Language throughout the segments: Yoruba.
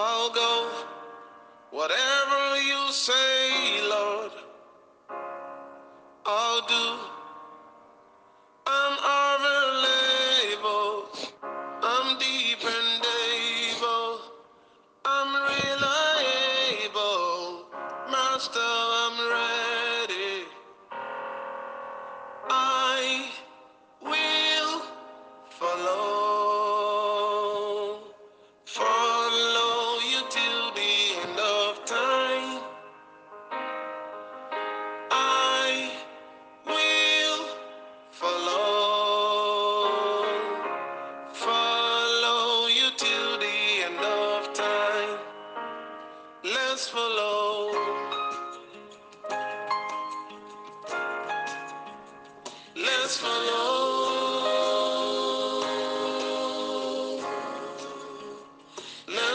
I'll go. Whatever you say, Lord, I'll do.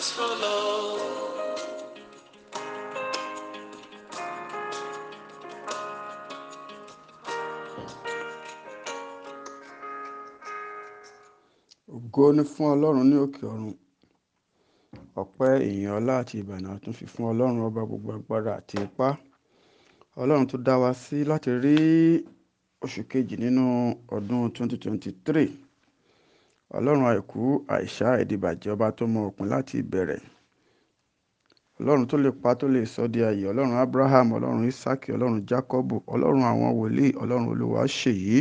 last for long. ògo ni fún ọlọ́run ní òkè ọ̀run ọpẹ́ ìyìn ọlá àti ìbànú tún fi fún ọlọ́run ọba gbogbo agbára àti ipá ọlọ́run tó dá wa sí láti rí oṣù kejì nínú ọdún 2023 ọlọ́run àìkú àìṣá ìdìbàjẹ́ ọba tó mọ òpin láti ìbẹ̀rẹ̀ ọlọ́run tó lè pa tó lè sọ di ayé ọlọ́run abraham ọlọ́run isaki ọlọ́run jacob ọlọ́run àwọn wòlíì ọlọ́run olúwa ṣèyí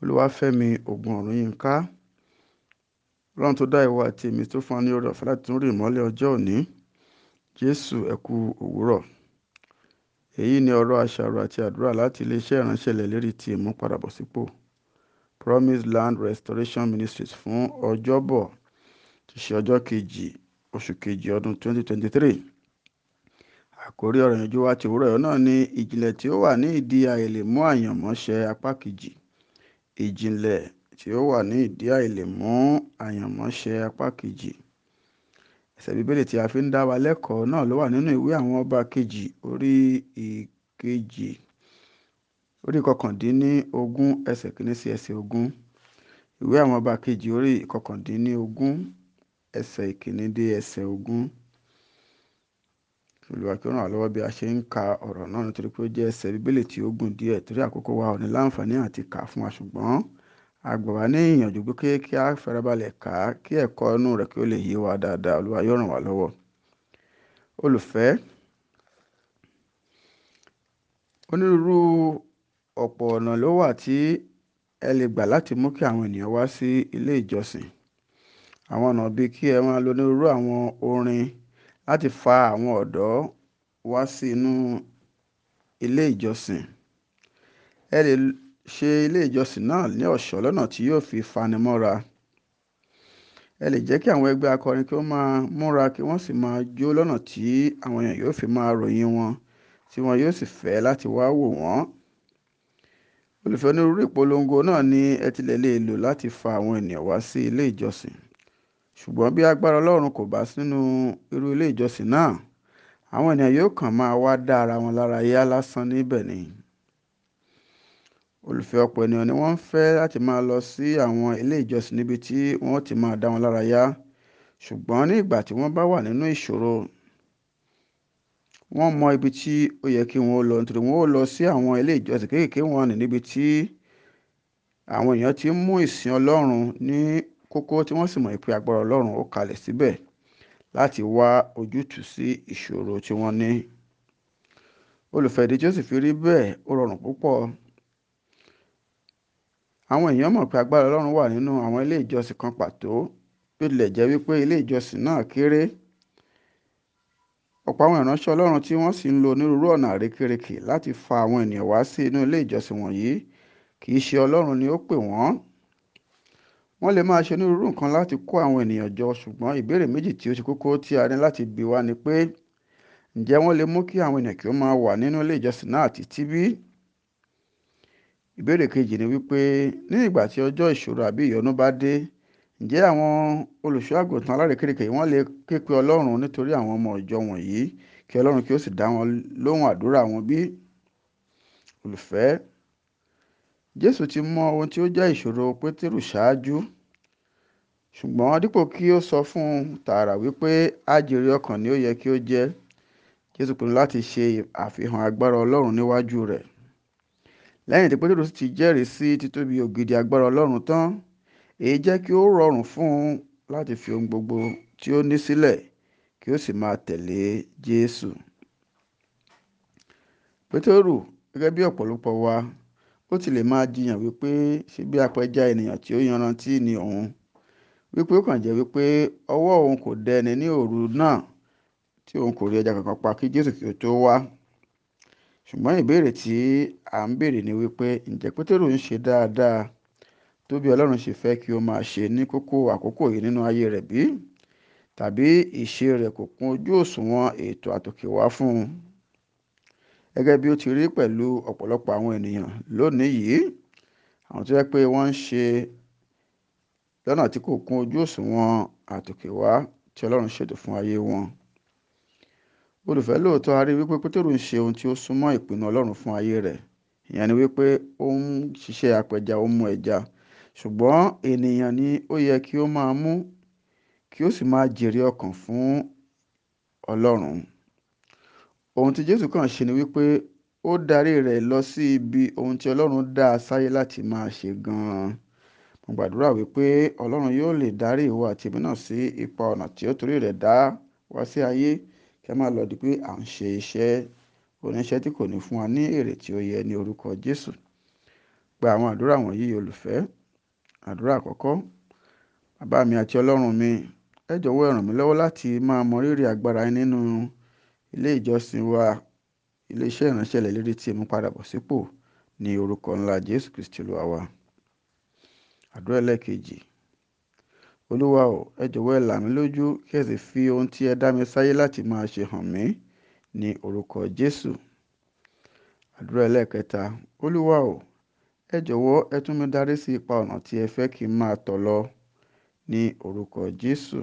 olúwafẹ́mi ogun ọ̀run yínká ọlọ́run tó dá ìwọ àti èmi tó fún wa ní oore ọ̀fẹ́ láti tún rí ìmọ́lẹ̀ ọjọ́ òní jésù ẹ̀kú òwúrọ̀ èyí ni ọ̀rọ̀ àṣàrò àti àdúrà láti iléeṣẹ́ ìránṣẹ́ lérí ti ìmúpadàbọ̀sípò promise land restoration ministries fún ọjọ́bọ̀ tí ṣe ọjọ́ kejì oṣù kejì ọdún 2023 àkórí ọ̀rọ̀ ìyànjú wa ti òwúrọ̀ náà ni ìjìnlẹ̀ tí ó wà ní ìdí àìlèmú àyànmọ́ṣe apá kejì ìjìnlẹ̀ tí ó wà ní ìdí àìlèmú àyànmọ́ṣe apá kejì ẹsẹ̀ bíbélì tí a fi ń dá wa lẹ́kọ̀ọ́ náà ló wà nínú ìwé àwọn ọba kejì orí ìkejì orí kọkàndínlógún ẹsẹ̀ kìíní sí ẹsẹ̀ ogún ìwé àwọn ọba kejì orí kọkàndínlógún ẹsẹ̀ ìkíní dé ẹsẹ̀ ogún olùwà kí ó ràn wá lọ́wọ́ bí a ṣe ń ka ọ̀rọ̀ náà nítorí pé ó jẹ́ ẹsẹ̀ bíbélì tí ó gùn díẹ̀ torí àkókò wa ò ní láǹfààní àti kà fún wa ṣùgbọ́n àgbà ní ìyànjú pé kí a farabalẹ̀ kà á kí ẹ̀kọ́ inú rẹ̀ kí ó lè yé wa dáadáa olúwa yóò ràn wá lọ́wọ́ olùfẹ́ onírúurú ọ̀pọ̀ ọ̀nà ló wà tí ẹ lè gbà láti mú kí àwọn ènìyàn wá sí ilé ìjọsìn àwọn ọ̀nà bíi kí ẹ máa lo onírúurú àwọn orin láti fa àwọn ọ̀dọ́ wá sí inú ilé ìjọsìn ẹ lè ṣe ilé ìjọsìn náà ní ọ̀ṣọ́ lọ́nà tí yóò fi fanimọ́ra ẹ lè jẹ́ kí àwọn ẹgbẹ́ akọrin kí wọ́n máa múra kí wọ́n sì máa jó lọ́nà tí àwọn èèyàn yóò fi máa ròyìn wọn tí wọn yóò sì fẹ́ láti wá wò wọ́n Olùfẹ́ onírúurú ìpolongo náà ni ẹ tilẹ̀ lè lò láti fa àwọn ènìyàn wá sí ilé ìjọsìn, ṣùgbọ́n bí agbára Ọlọ́run kò bá sí nínú irú ilé ìjọsìn náà, àwọn ènìyàn yóò kàn máa wá dá ara wọn lára yá lásán níbẹ̀ ni. Olùfẹ́ ọ̀pọ̀ ènìyàn ni wọ́n ń fẹ́ láti máa lọ sí àwọn ilé ìjọsìn níbi tí wọn ti máa dá wọn lára yá, ṣùgbọ́n ní ìgbà tí wọ́n bá wà nínú ìṣòro wọ́n mọ ibi tí ó yẹ kí wọ́n lọ nítorí wọ́n ó lọ sí àwọn ilé ìjọsìn kéékèèké wọn ní níbi tí àwọn èèyàn ti ń mú ìsìn ọlọ́run ní kókó tí wọ́n sì mọ̀ pé agbára ọlọ́run ó kalẹ̀ síbẹ̀ láti wá ojútùú sí ìṣòro tí wọ́n ní olùfẹ́ ìdí Jósèfù rí bẹ́ẹ̀ ó rọrùn púpọ̀ àwọn èèyàn mọ̀ pé agbára ọlọ́run wà nínú àwọn ilé ìjọsìn kan pàtó bí ó tilẹ̀ jẹ́ wípé ilé ìjọsìn náà kéré ọ̀pọ̀ àwọn ìránṣẹ́ ọlọ́run tí wọ́n sì ń lo onírúurú ọ̀nà àrékérekè láti fa àwọn ènìyàn wá sí inú ilé ìjọsìn wọ̀nyí kì í ṣe ọlọ́run ni ó pè wọ́n wọ́n lè máa ṣe onírúurú nǹkan láti kó àwọn ènìyàn jọ ṣùgbọ́n ìbéèrè méjì tí ó ṣe kókó tí a ní láti bi wá ni pé ǹjẹ́ wọ́n lè mú kí àwọn ènìyàn kí ó máa wà nínú ilé ìjọsìn náà títí bí? ìbéèrè kejì ni wípé ní ìgbà tí ọjọ́ ìṣòro ǹjẹ́ àwọn olùṣọ́ àgùntàn alárèékérekè wọ́n lè képe ọlọ́run nítorí àwọn ọmọ ìjọ wọ̀nyí kí ọlọ́run kí ó sì dá wọn lóhùn àdúrà wọn bí olùfẹ́ jésù ti mọ ohun tí ó jẹ́ ìṣòro pétérù ṣáájú ṣùgbọ́n dípò kí ó sọ fún un tààrà wípé àjèrè ọkàn ni ó yẹ kí ó jẹ́ jésù pinnu láti ṣe àfihàn agbára ọlọ́run níwájú rẹ̀ lẹ́yìn tí pétérù sì ti jẹ́rìí sí títóbi ògidì agbára ọlọ́run tán èyí jẹ́ kí ó rọrùn fún un láti fi ohun gbogbo tí ó ní sílẹ̀ kí ó sì máa tẹ̀lé Jésù. Pétérù gẹ́gẹ́ bí ọ̀pọ̀lọpọ̀ wa ó ti lè máa jiyàn wípé ṣé bí apẹja ènìyàn tí ó yanrantí ni òun wípé ó kàn jẹ́ wípé ọwọ́ òun kò dẹni ní òru náà tí òun kò rí ẹja kankan pa kí Jésù kí ó tó wá ṣùgbọ́n ìbéèrè tí à ń béèrè ni wípé ǹjẹ́ Pétérù ń ṣe dáadáa tó bí ọlọ́run ṣe fẹ́ kí o máa ṣe ní kókó àkókò yìí nínú ayé rẹ̀ bí tàbí ìṣe rẹ̀ kò kún ojú òṣùwọ̀n ètò àtòkèwá fún un gẹ́gẹ́ bí ó ti rí pẹ̀lú ọ̀pọ̀lọpọ̀ àwọn ènìyàn lónìí yìí àwọn tó yẹ pé wọ́n ń ṣe lọ́nà tí kò kún ojú òṣùwọ̀n àtòkèwá tí ọlọ́run ṣètò fún ayé wọn olùfẹ́ lóòótọ́ a rí wípé pétérù ń ṣe ohun tí ó súnmọ́ ìpinnu ọlọ́run fún ayé rẹ̀ ìyẹn ni wípé ó ń ṣiṣẹ́ apẹja ó ń mú ẹja ṣùgbọ́n ènìyàn ni ó yẹ kí ó máa mú kí ó sì máa jèrè ọkàn fún ọlọ́run ohun tí jésù kàn ṣe ni wípé ó darí rẹ̀ lọ sí ibi ohun tí ọlọ́run dá a sáyé láti máa ṣe gan-an mo gbàdúrà wípé ọlọ́run yóò lè darí ìwọ àti èmi náà sí ipa ọ̀nà tí ó torí rẹ̀ dá wá sí ayé kí a máa lọ di pé à ń ṣe iṣẹ́ oníṣẹ́ tí kò ní fún wa ní èrè tí ó yẹ ní orúkọ jésù gba àwọn àdúrà wọ̀nyí olùfẹ́ Àdúrà àkọ́kọ́. Bàbá mi àti Ọlọ́run mi, ẹ jọ̀wọ́ ẹ ràn mí lọ́wọ́ láti máa mọ rírì agbára yín nínú ilé ìjọsìn wa, ilé iṣẹ́ ìránṣẹ́ ìlẹ̀ lérè tí ẹ mú padà bọ̀ sípò ní orúkọ ńlá Jésù Kristi Olúwa wa. Àdúrà ẹlẹ́ẹ̀kejì. Olúwa o, ẹ jọ̀wọ́ ẹ là mí lójú kí ẹ sì fi ohun tí ẹ dá mi sáyé láti máa ṣe hàn mí ní orúkọ Jésù. Àdúrà ẹlẹ́ẹ̀kẹta. Olúwa o, ẹ jọ̀wọ́ ẹ tún mi darí sí ipa ọ̀nà tí ẹ fẹ́ kí n máa tọ̀ lọ ní orúkọ Jésù.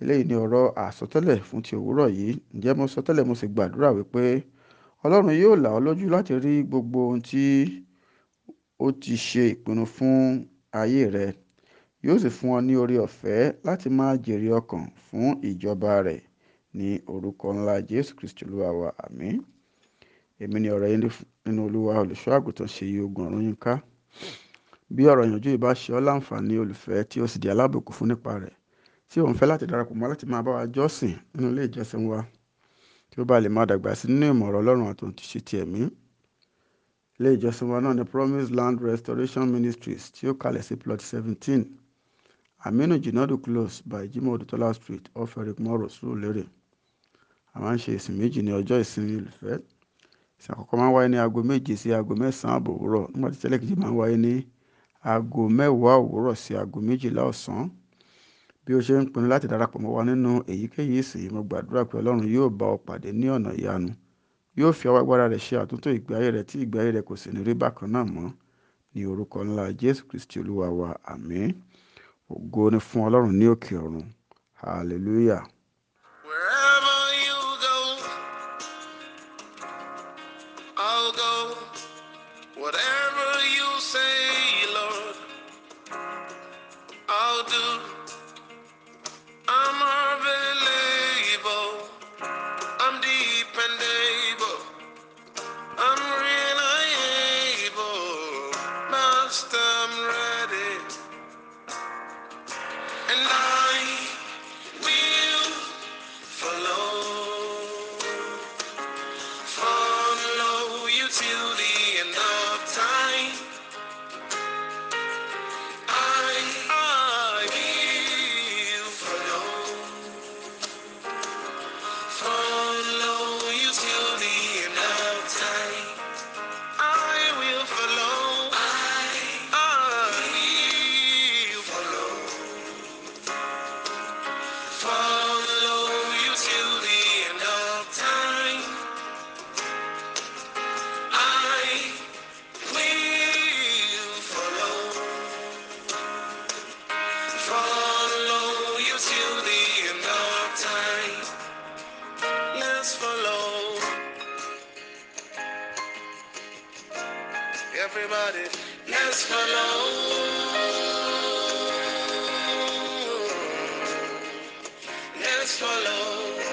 Eléyìí ni ọ̀rọ̀ àsọtẹ́lẹ̀ fún ti òwúrọ̀ yìí. Ǹjẹ́ mo sọ tẹ́lẹ̀ mo sì gbàdúrà wípé Ọlọ́run yóò là ọ́ lójú láti rí gbogbo ohun tí ó ti ṣe ìpinnu fún ayé rẹ. Yóò sì fún ọ ní oore ọ̀fẹ́ láti máa jèrè ọkàn fún ìjọba rẹ̀ ní orúkọ ńlá Jésù Kristi Olúwa wa. Àmín èmi ni ọ̀rọ̀ yín nínú olúwa olùṣọ́ àgùntàn ṣèyí ogun ọ̀run yín ká bí ọ̀rọ̀ ìyànjú yìí bá ṣe ọ́ láǹfààní olùfẹ́ tí o sì di alábòkú fún nípa rẹ̀ tí òun fẹ́ láti darapọ̀ mọ́ láti máa bá wa jọ́sìn nínú ilé ìjọsìn wa kí ó bá lè máa dàgbà sí nínú ìmọ̀ ọlọ́run àti òtúnṣe ti ẹ̀mí ilé ìjọsìn wa náà ni promise land restoration ministries tí ó kalẹ̀ sí plot seventeen aminu jinadu close by jimoh odutola street off Morosu Lere, surulere a máa ń ṣe ìsìn méjì ní ọjọ́ ìsinmi olùfẹ́ Ìsìn àkọ́kọ́ máa ń wáyé ní aago méje sí aago mẹ́sàn-án àbọ̀ òwúrọ̀, nígbà tí ẹlẹ́ẹ̀kejì máa ń wáyé ní aago mẹ́wàá òwúrọ̀ sí aago méjìlá ọ̀sán. Bí o ṣe ń pinnu láti darapọ̀ mọ́ wa nínú èyíkéyìí ìsìn, mo gbàdúrà pé Ọlọ́run yóò bá ọ pàdé ní ọ̀nà ìyanu. Yóò fi ọwọ́ agbára rẹ̀ ṣe àtúntò ìgbé ayé rẹ tí ìgbé ayé rẹ kò sì ní rí bákan náà mọ́. Ní orúkọ ńlá Jésù Kristi Olúwa wa, àmín. Ògo ni fún Ọlọ́run ní òkè ọ̀run. Hallelujah. Whatever you say, Lord, I'll do. I'm available. I'm dependable. I'm reliable. Master, I'm ready. And I Everybody, let's follow. let